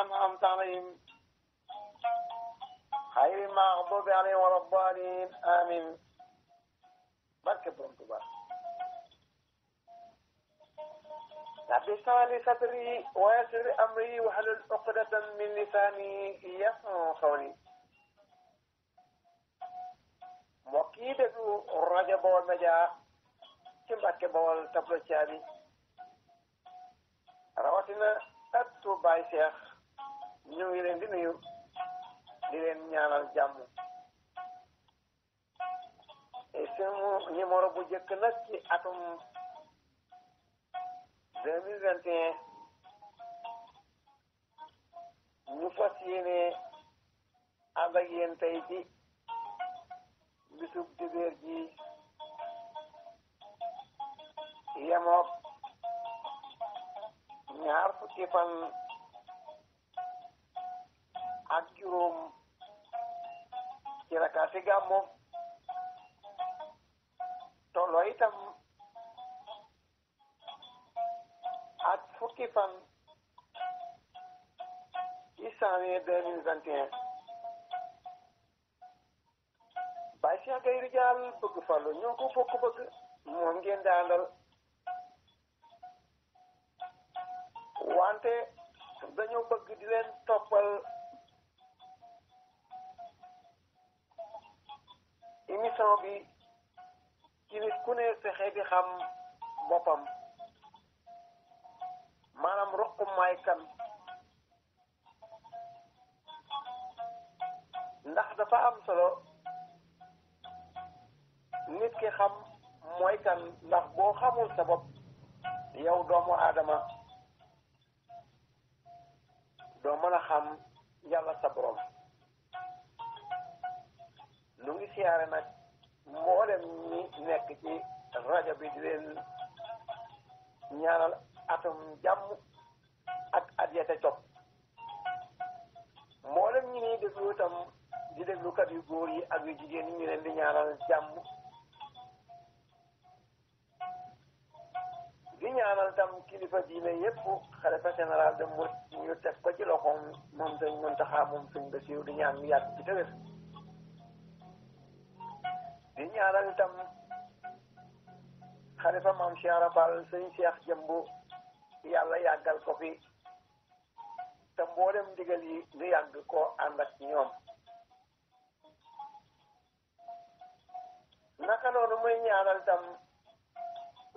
أنعمت عليهم غير المغضوب عليهم ولا الضالين آمين بركة برمتبار رب لي صدري ويسر أمري واحلل عقدة من لساني يفقهوا قولي mbokk yi déglu rajo Baol Média ci Mbàkke Baol tablo caabi rawatina ëttu Baay Seex ñu ngi leen di nuyu di leen ñaanal jàmm suñu numéro bu njëkk nag ci atum deux mille ñu fas yéene ànd ak ci bisub dibéer ji yemoog ñaar fukki fan ak juróom ci rakaati gàmmu tolloo itam ak fukki fan ci janvier deux mille vingt et un Baye Cheikh Gaye Ridial bëgg fallu ñoo ko bokk bëgg moom ngeen daandal wante dañoo bëgg di leen toppal émission bi ci nit ku ne fexe di xam boppam maanaam roqum maay kan ndax dafa am solo nit ki xam mooy kan ndax boo xamul sa bopp yow doomu aadama doo mën a xam yàlla sa borom ñu ngi siyaare nag mboolem ñi nekk ci rajo bi di leen ñaanal atum jàmm ak at ya ca topp mboolem ñi ñuy déglu itam di déglukat yu góor yi ak yu jigéen ñi ñu leen di ñaanal jàmm di ñaanal tam kilifa diine yépp xalifa général de Mouride ñu teg ko ci loxoom moom dañ mën taxaa moom suñ Basiru di ñaan mu ci tëwér di ñaanal itam xalifa maam Cheikh Rafal sëñ Cheikh Jëmbu yàlla yàggal ko fi te mboolem ndigal yi ñu yàgg koo ànd ak ñoom naka noonu muy ñaanal itam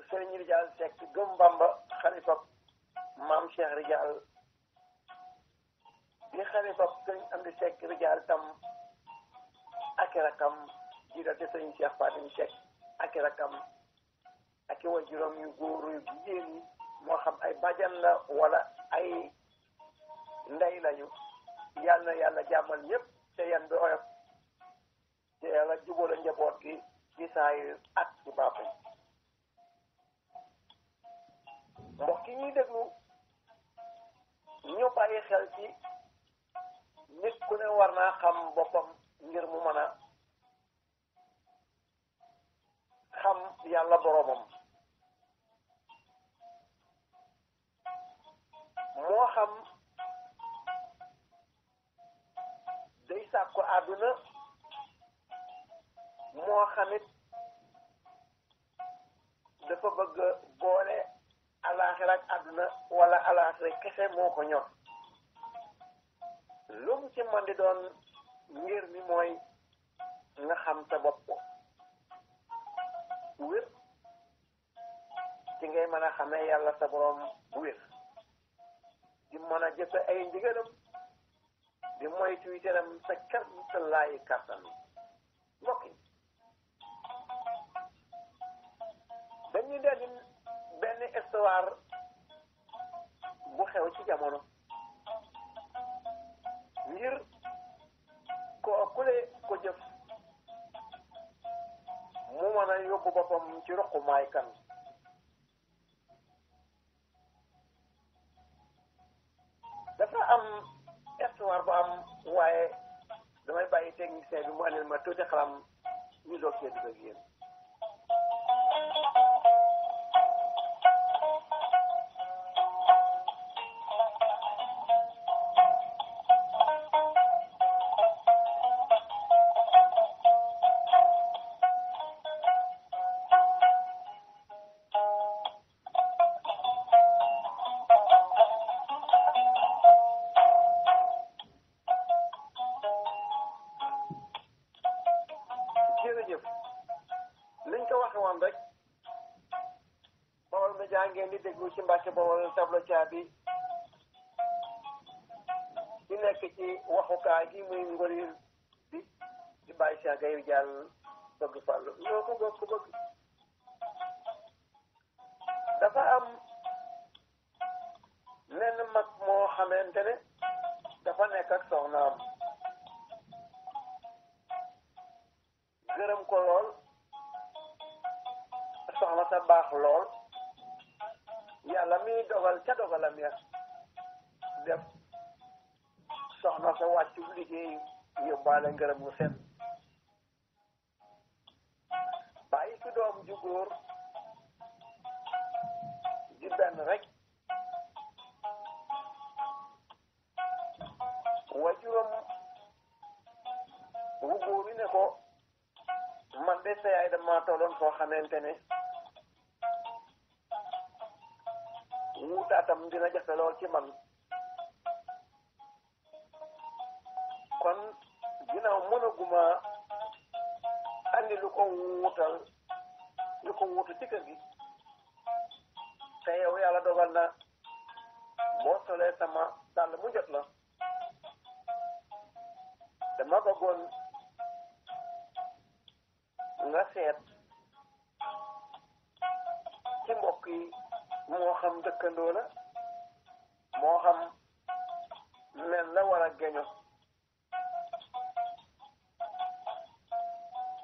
sëriñ Rijal Seck gëm Bamba xalifa maam Cheikh Rijal di xalifa sëriñ Amdi Seck Rijal tam ak rakam jiital ci sëriñ Cheikh Fatim Cheikh ak i rakam ak i waajuram yu góor yu jigéen ñi moo xam ay bajan la wala ay ndey lañu yal yàlla jàmmal ñëpp te yan bi oyof te yàlla jubóole njaboot gi ci saayir ak ci baatin mbokk yi ñuy déglu ñu bàyyi xel ci nit ku ne war naa xam boppam ngir mu mën xam yàlla boroomam moo xam day sàkku àdduna moo xamit dafa bëgg boole alaaxira àdduna wala alaaxira kese moo ko ñor lu ci man di doon ngir mi mooy nga xam sa bopp bu wér ci ngay mën a xamee yàlla sa borom bu wér di mën a jëfe ay ndigalam di moytu itam sa kar sa laayi kartan mbokk yi dañuy dellu benn histoire bu xew ci jamono ngir ko kule ko jëf mu na a yóbbu boppam ci roq maay kan dafa am histoire ba am waaye damay bàyyi technicien bi mu andil ma tuuti xalam ñu doog see dugg ak jël tableau caabi di nekk ci waxukaay gi muy ngolir bi di bàyyi saaga yu jàll bëgg fàllu ñoo ko bëgg dafa am lenn mag moo xamante ne dafa nekk ak soxnaam gërëm ko lool soxna sa baax lool la muy dogal ca dogalam ya def soxna sa wàccu liggéey yóbbaale ngërëm mu sen bàyyi ci doom ju góor di benn rek wajuram wu góor yi ne ko man de sa dama tolloon foo xamante ne wuutaatam dina jafe lool ci man kon ginnaaw mënaguma andi lu ko wuutal lu ko wuutu ci kër gi te yow yàlla dogal na boo solee sama dàll mu jot la dama bëggoon nga seet ci mbokk yi moo xam dëkkandoo la moo xam leen la war a geño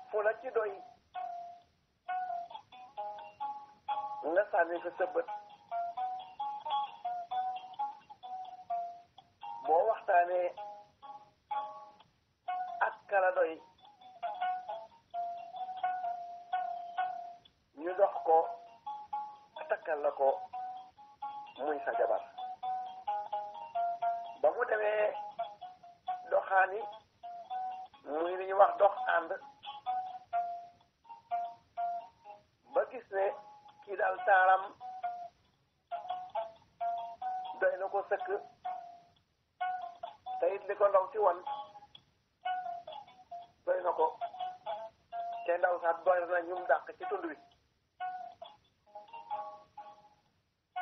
fu la ci doy nga sànni sa bët caaxaan yi muy li wax dox ànd ba gis ne kii daal taaram doy na ko sëkk te it li ko ndaw ci wan doy na ko te ndaw sax doy na ñum dàq ci tund wi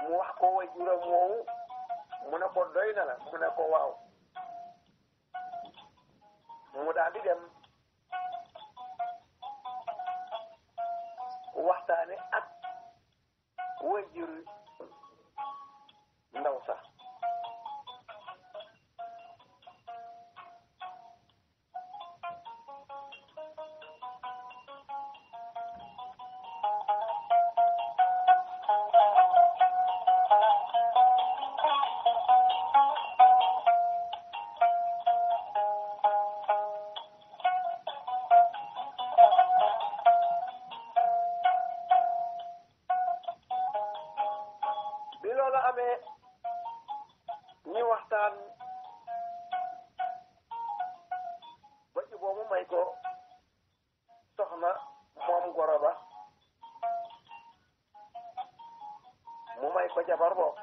mu wax ko way juróom mu ne ko doy na la mu ne ko waaw mu daal di dem waxtaane ak wajur ndaw sax ko jabar bokk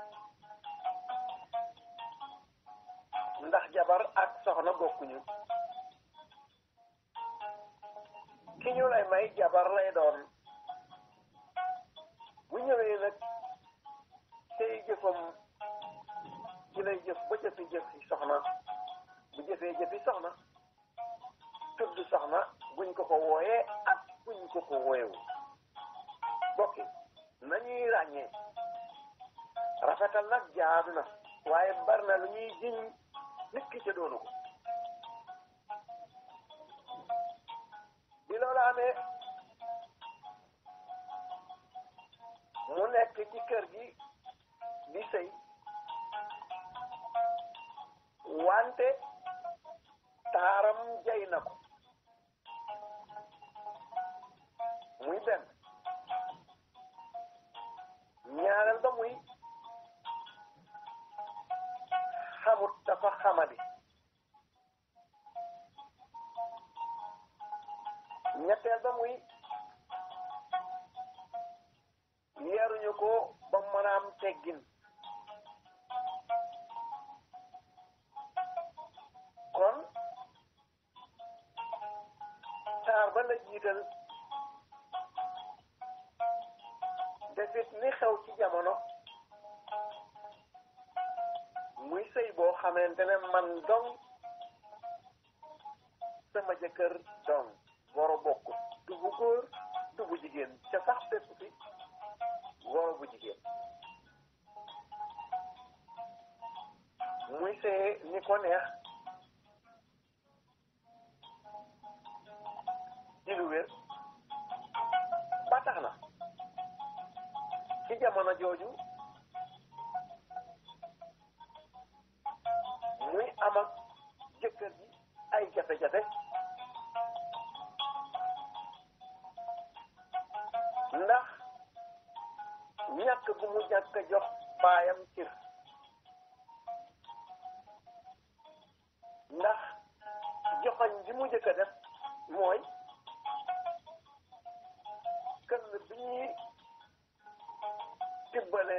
ndax jabar ak soxna bokkuñu ki ñu lay may jabar lay doon bu ñëwee nag tey jëfam ci jëf ba jëfi jëfi soxna bu jëfee jëfi soxna tudd soxna buñ ko ko wooyee ak buñ ko ko wooyewu bokki nañuy ràññee rafetal nag jaadu na waaye bari na lu ñuy jiñ nit ki ca doonu ko bi loolu amee mu nekk ci kër gi di sëy wante taaram jay muy benn ñaareel ba muy xamadi ñetteel ba muy yaruñu ko ba mën teggin kon taar ba la jiital ni xew ci jamono muy sey boo xamante ne man dong sama jëkkër dong war a du bu du bu jigéen ca sax fépp fi war bu jigéen muy sëyee ni ko neex ci lu wér ba tax na ci jamono jooju am ak jëkkër ji ay jafe-jafe ndax ñàkk bu mu ñàkk a jox baayam cër ndax joxoñ bi mu njëkk def mooy kër bi ñuy tibbale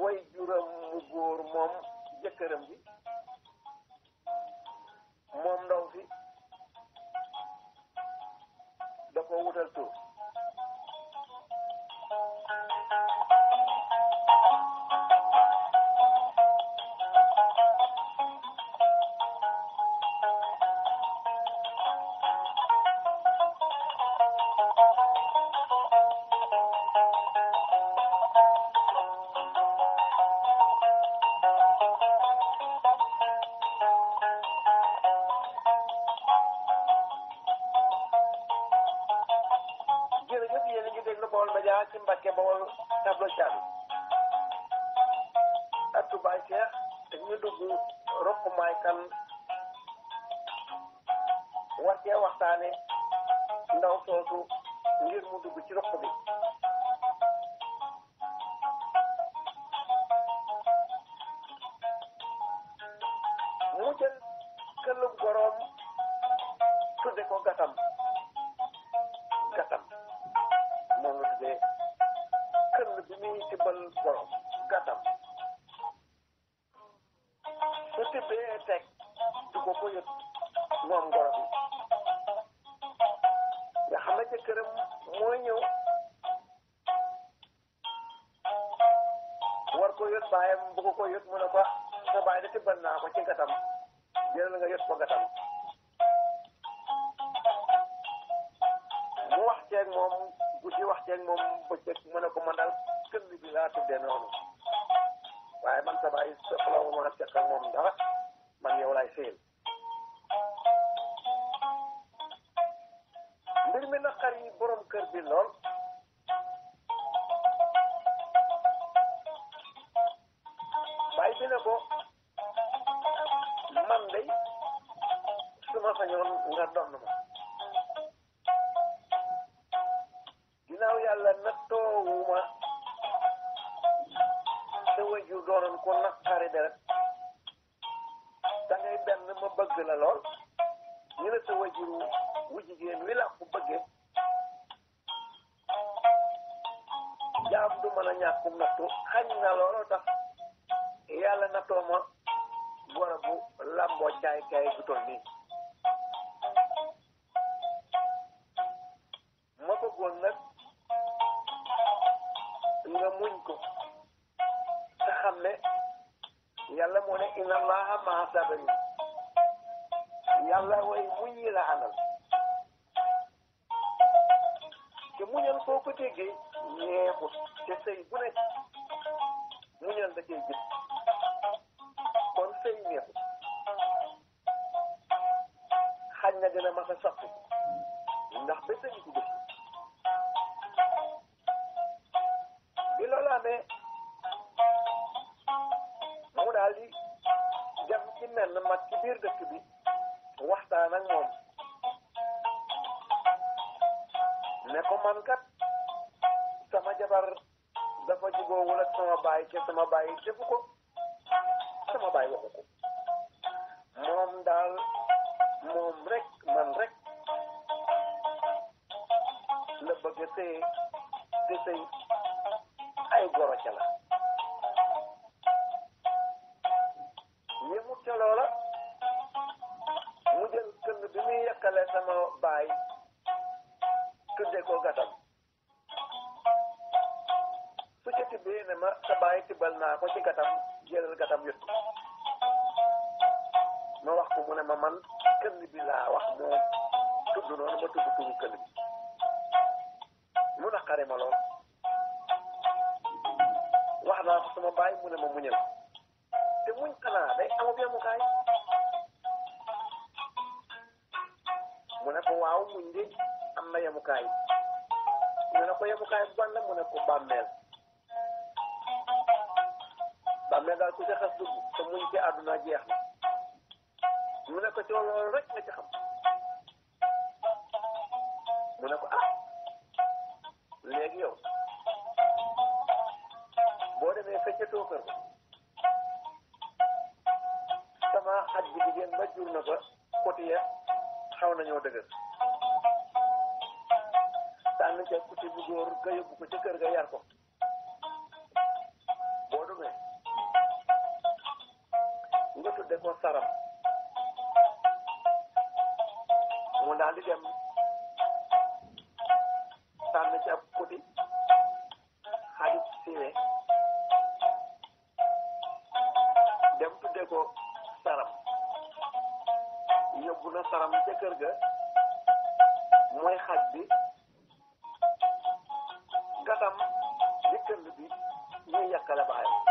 way juram mu góor moom jëkkëram bi moom ndaw si da ko wutal tur ñu dugg roq maay kan war cee waxtaane ndaw soosu ngir mu dugg ci roq bi bés mu ne ko man daal bi laa tuddee noonu waaye man sama yi soxla wu ma seq ak moom dara man yow laay sëyal mbir mi naqar borom kër bi lool bàyyi bi ne ko man day su ma sañoon nga ma ku naqari deret da ngay benn ma bëgg la lool ñu la sa wajur wu jigéen wi la bëggee jaam du mën a ñàkkum nattu xañ na looloo tax yàlla nattoo ma goro bu làmboo caay caay bu toll nii ma bëggoon nag nga muñ ko te xam ne yàlla moo ne inna allaha maa yàlla way muñ ñi la àndal te muñal soo ko déggee neexut bu nekk muñal da cee jëpp kon sëy neexut xañ na gën a mas a soppi ndax ba sëy bu sama baay defu ko sama baay waxu ko moom daal moom rek man rek la bëgg a téye te sëy naa ko ci gatam jëlal gatam yëpp ma wax ko mu ne ma man këll bi laa wax moom tudd noonu ma tudd turu këll bi mu naqare ma lool wax naa ko sama baay mu ne te muñ xanaa day amab yemukaay mu ne ko waaw muñ de am na yemukaay mu ne ko yemukaay bu ban la mu ne ko bàmmeel daal ku ca xas dugg te muñ ci àdduna jeex na mu ne ko ci loolu rek nga ci xam mu ne ko ah léegi yow boo demee fekk ca tookër ba sama xaj bi jigéen ba jur na ba côté ya xaw nañoo dëgër tànn ca côté bu góor nga yóbbu ko ca kër ga yar ko rakam jëkkër bi ñuy yàqale baayam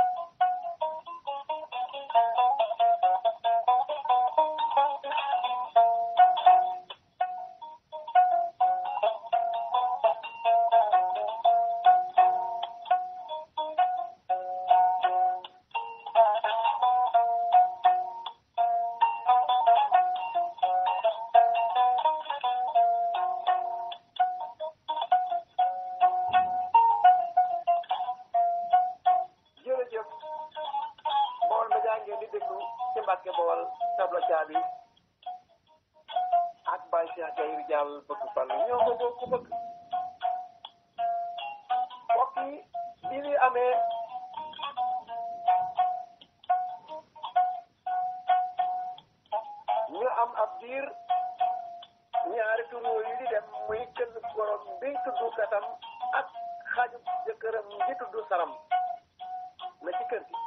biy tudd katam ak xaaju jëkkëram ngi tudd saram na ci kër gi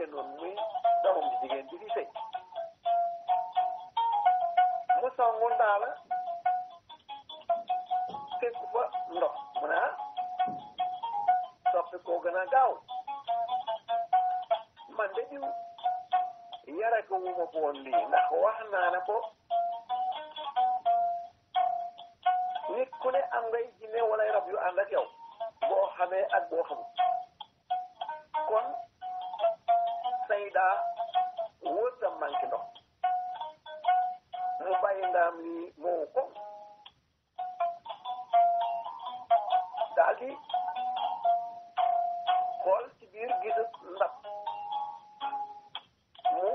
génnoon muy doomam bi jigéen bi fi sëy mu songu ndaa la fekk fa ndox mu ne ah soppi koo gën gaaw man de diw yare ko wuma ko woon lii wax naa ne ko nit ku ne am ngay jinne wala rab yu ànd ak yow boo xamee ak boo xamul kon lii daa wóor sa mu bàyyi ndaam lii ko daal di xool ci biir gisut ndab mu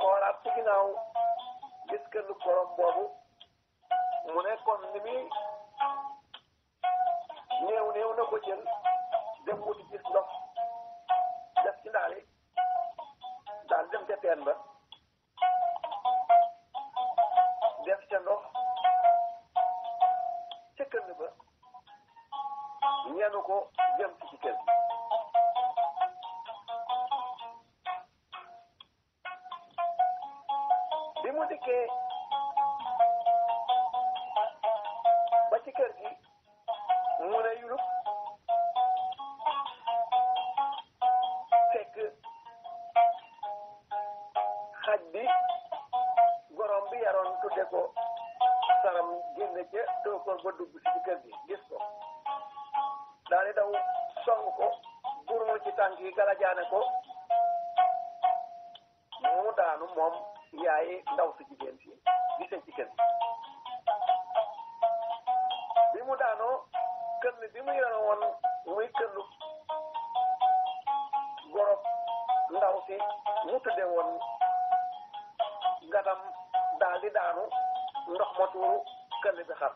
xoolaat ci ginnaaw gis que lu korom boobu mu ne kon ni muy néew néew na ko jël dem ndox teen këll bi mu yore woon muy këllu gorob ndaw si mu tëddee woon gatam daal di daanu ndox ma tuuru këll bi xar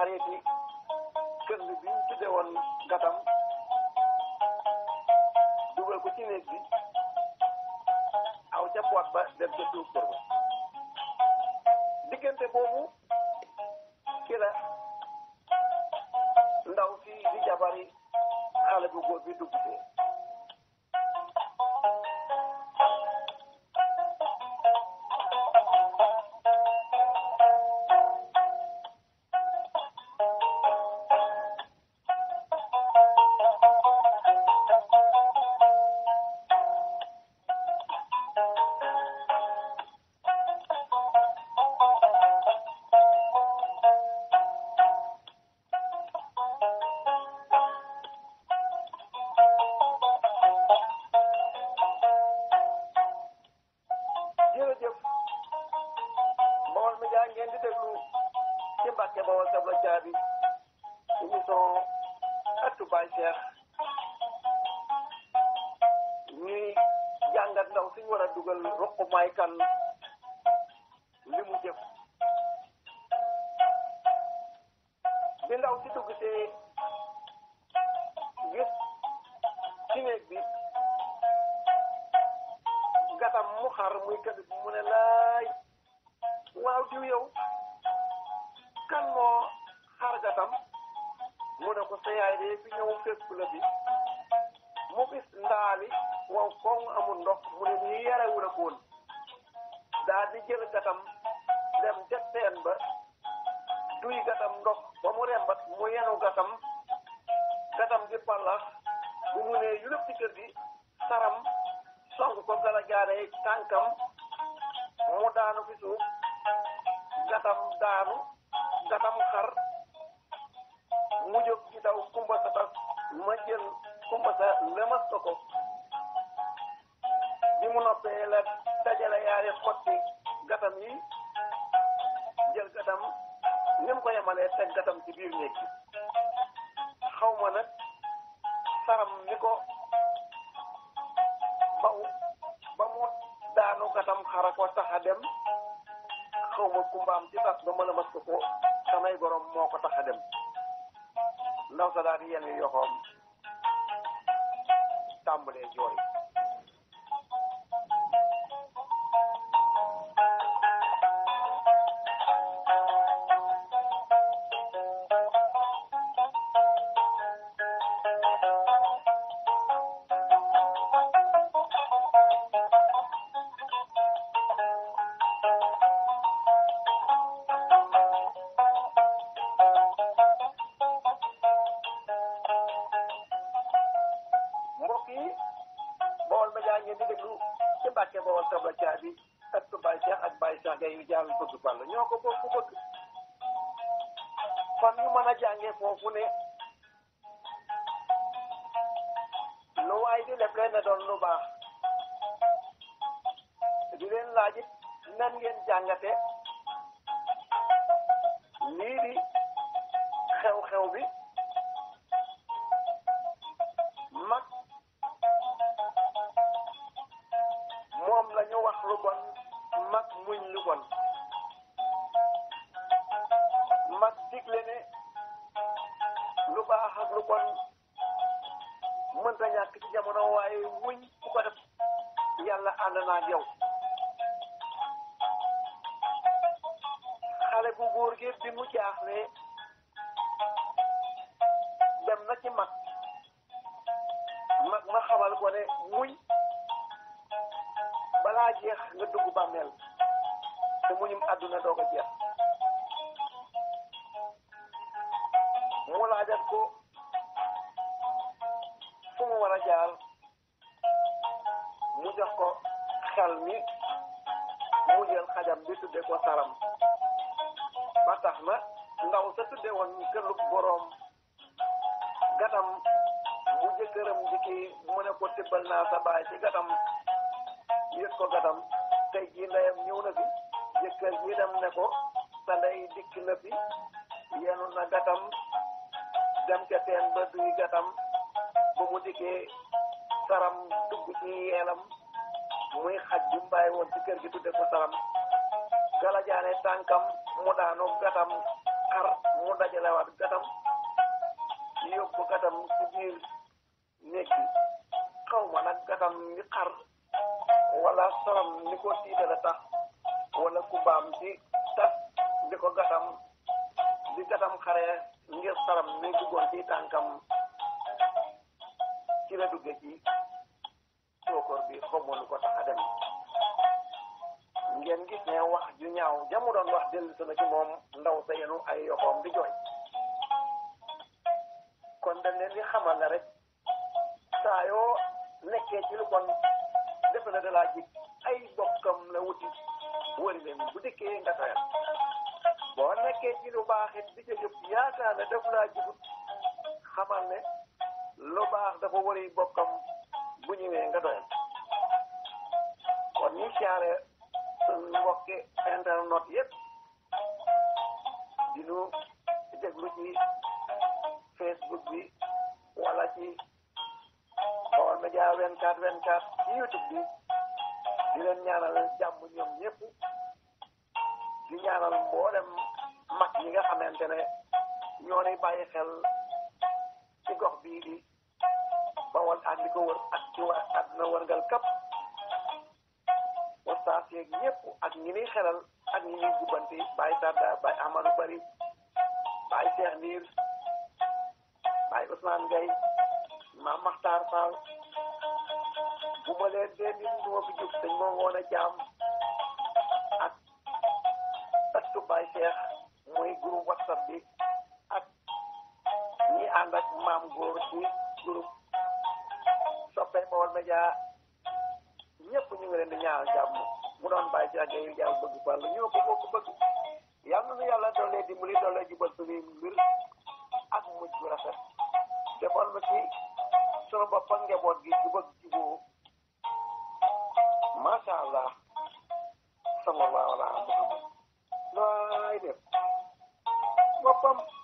xareeti kër bi ñu tudde woon gatam dugal ko ci néeg bi aw ca poot ba def ca suuf kër ba diggante boobu ki la ndaw si di jabari xale bu góor bi dugg see ngeen di déglu ci Mbàkke Bawol Tabla Caabi émission ëttu Baay Cheikh ñuy jàngat ndaw suñu war a dugal roqumaay kan lépp ci kër gi saram song ko gala jaaree tànkam mu daanu bi suuf gatam daanu gatam xar mu jóg ci daw kumba sa tas ma jël kumba sa lemas ko ko bi mu noppee la dajale yaari xotti gatam yi jël gatam ni mu ko yemalee teg gatam ci biir néeg bi xaw nag saram ni ko daanu katam xara ko tax a dem xaw ma kumbaam ci tas ba a mas ko gorom moo ko dem ndaw sa daal di yenn yoxoom tàmbalee fu ne kon mënta ñàkk ci jamono waaye muñ bu ko def yàlla ànd na ak xale bu góor gi bi mu jaaxle dem na ci mag mag ma xamal ko ne balaa jeex nga dugg bàmmeel ko gatam tey jii ndeyam ñëw na fi jëkkër ji dem ne ko sa ndey dikk na fi yenu na gatam dem ca ba duy gatam ba mu dikkee saram dugg ci yeelam muy xaj bi mbàyyi woon ci kër gi tudde ko saram galajaane tànkam mu daanu gatam xar mu dajalewaat gatam yóbbu gatam ci biir nekki xaw ma nag gatam mi xar wala soram li ko tiitala tax wala ku di tas di ko gatam di gatam xare ngir saram mi duggoon ci tànkam ci la dugge ci sookoor bi xamul ko tax a ngeen gis ne wax ju ñaaw jamu doon wax dellu na ci moom ndaw sa yenu ay yoxoom di jooy kon dañ leen di xamal na rek saa yoo nekkee ci lu la dalaa jig ay bokkam la wuti wëri leen bu dikkee nga tayal boo nekkee ci lu baax it di ca jëf yaakaar ne daf laa jigut xamal ne lu baax dafa wëri bokkam bu ñëwee nga kon ñu siyaare mbokki internet yépp di nu déglu ci Facebook bi wala ci Baol Média 24 24 ci YouTube bi di leen ñaanal jàmm ñoom ñëpp di ñaanal mboolem mag ñi nga xamante ne ñoo lay bàyyi xel ci gox bii di bawal ak li ko wër ak ci war àdduna wërngal kap wastaas yeeg ñëpp ak ñi xelal ak ñi ñuy jubbanti bàyyi Sadda bàyyi Amadou Bari bàyyi Cheikh Ndiir bàyyi Ousmane Gueye maam Makhtar Fall bu ma leen dee nit ñi ma fi jóg dañ ma woon a jaam ak ëttu Baay Seex muy groupe whatsapp bi ak ñi ànd ak maam góor ci groupe soppee Baol Médias ñëpp ñu ngi leen di ñaanal jàmm mu doon Baay Seex Gaye Jaw bëgg Fall ñoo ko bokk bëgg yal na nu yàlla doolee dimbali doolee jubal suñuy mbir ak mujj bu rafet defoon na ci sama bopp ak njaboot gi bu bëgg juboo macha allah sallallahu ala muhammad laay def boppam